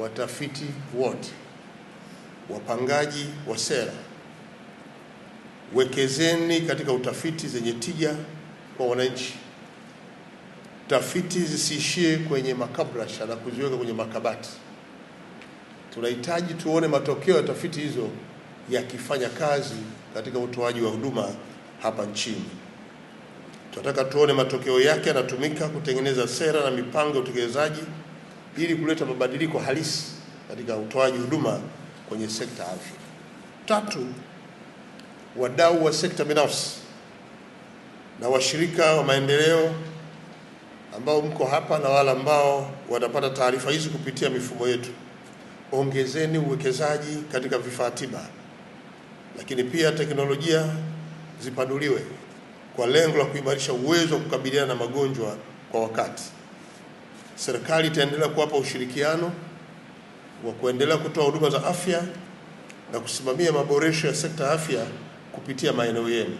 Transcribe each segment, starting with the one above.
watafiti wote, wapangaji wa sera, wekezeni katika utafiti zenye tija kwa wananchi. Tafiti zisiishie kwenye makabrasha na kuziweka kwenye makabati. Tunahitaji tuone matokeo ya tafiti hizo yakifanya kazi katika utoaji wa huduma hapa nchini. Tunataka tuone matokeo yake yanatumika kutengeneza sera na mipango ya utekelezaji ili kuleta mabadiliko halisi katika utoaji huduma kwenye sekta ya afya. Tatu, wadau wa sekta binafsi na washirika wa maendeleo ambao mko hapa na wale ambao watapata taarifa hizi kupitia mifumo yetu, ongezeni uwekezaji katika vifaa tiba, lakini pia teknolojia zipanuliwe kwa lengo la kuimarisha uwezo wa kukabiliana na magonjwa kwa wakati. Serikali itaendelea kuwapa ushirikiano wa kuendelea kutoa huduma za afya na kusimamia maboresho ya sekta ya afya kupitia maeneo yenu.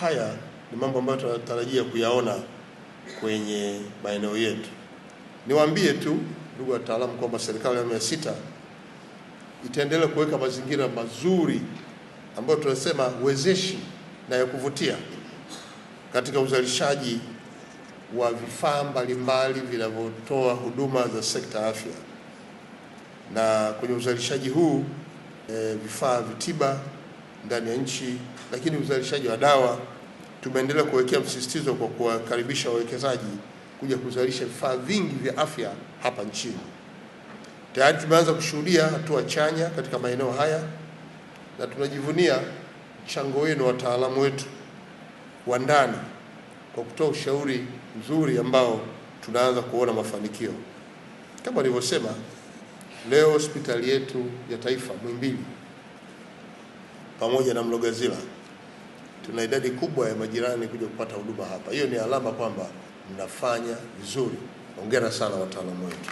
Haya ni mambo ambayo tunatarajia kuyaona kwenye maeneo yetu. Niwaambie tu ndugu wataalamu kwamba serikali ya awamu ya sita itaendelea kuweka mazingira mazuri ambayo tunasema wezeshi na ya kuvutia katika uzalishaji wa vifaa mbalimbali vinavyotoa huduma za sekta afya, na kwenye uzalishaji huu e, vifaa vitiba ndani ya nchi, lakini uzalishaji wa dawa tumeendelea kuwekea msisitizo kwa kuwakaribisha wawekezaji kuja kuzalisha vifaa vingi vya afya hapa nchini. Tayari tumeanza kushuhudia hatua chanya katika maeneo haya na tunajivunia mchango wenu wataalamu wetu wa ndani kwa kutoa ushauri mzuri ambao tunaanza kuona mafanikio. Kama nilivyosema, leo hospitali yetu ya taifa Muhimbili pamoja na Mlogazila tuna idadi kubwa ya majirani kuja kupata huduma hapa. Hiyo ni alama kwamba mnafanya vizuri. Hongera sana wataalamu wetu.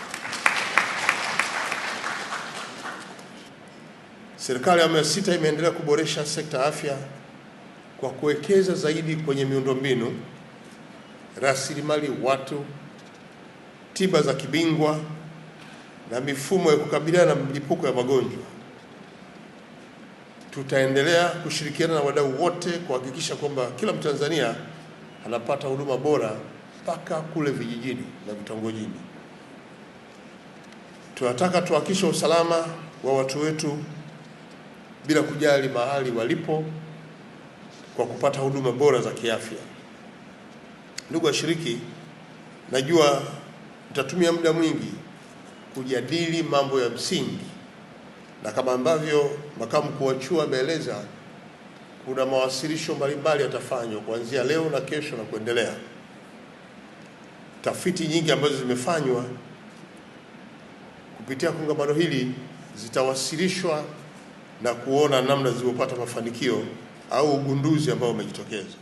Serikali ya awamu ya sita imeendelea kuboresha sekta afya kwa kuwekeza zaidi kwenye miundombinu rasilimali watu, tiba za kibingwa na mifumo ya kukabiliana na mlipuko ya magonjwa. Tutaendelea kushirikiana na wadau wote kuhakikisha kwamba kila Mtanzania anapata huduma bora mpaka kule vijijini na vitongojini. Tunataka tuhakikishe usalama wa watu wetu bila kujali mahali walipo kwa kupata huduma bora za kiafya. Ndugu washiriki, najua mtatumia muda mwingi kujadili mambo ya msingi, na kama ambavyo makamu mkuu wa chuo ameeleza, kuna mawasilisho mbalimbali yatafanywa kuanzia leo na kesho na kuendelea. Tafiti nyingi ambazo zimefanywa kupitia kongamano hili zitawasilishwa na kuona namna zilizopata mafanikio au ugunduzi ambao umejitokeza.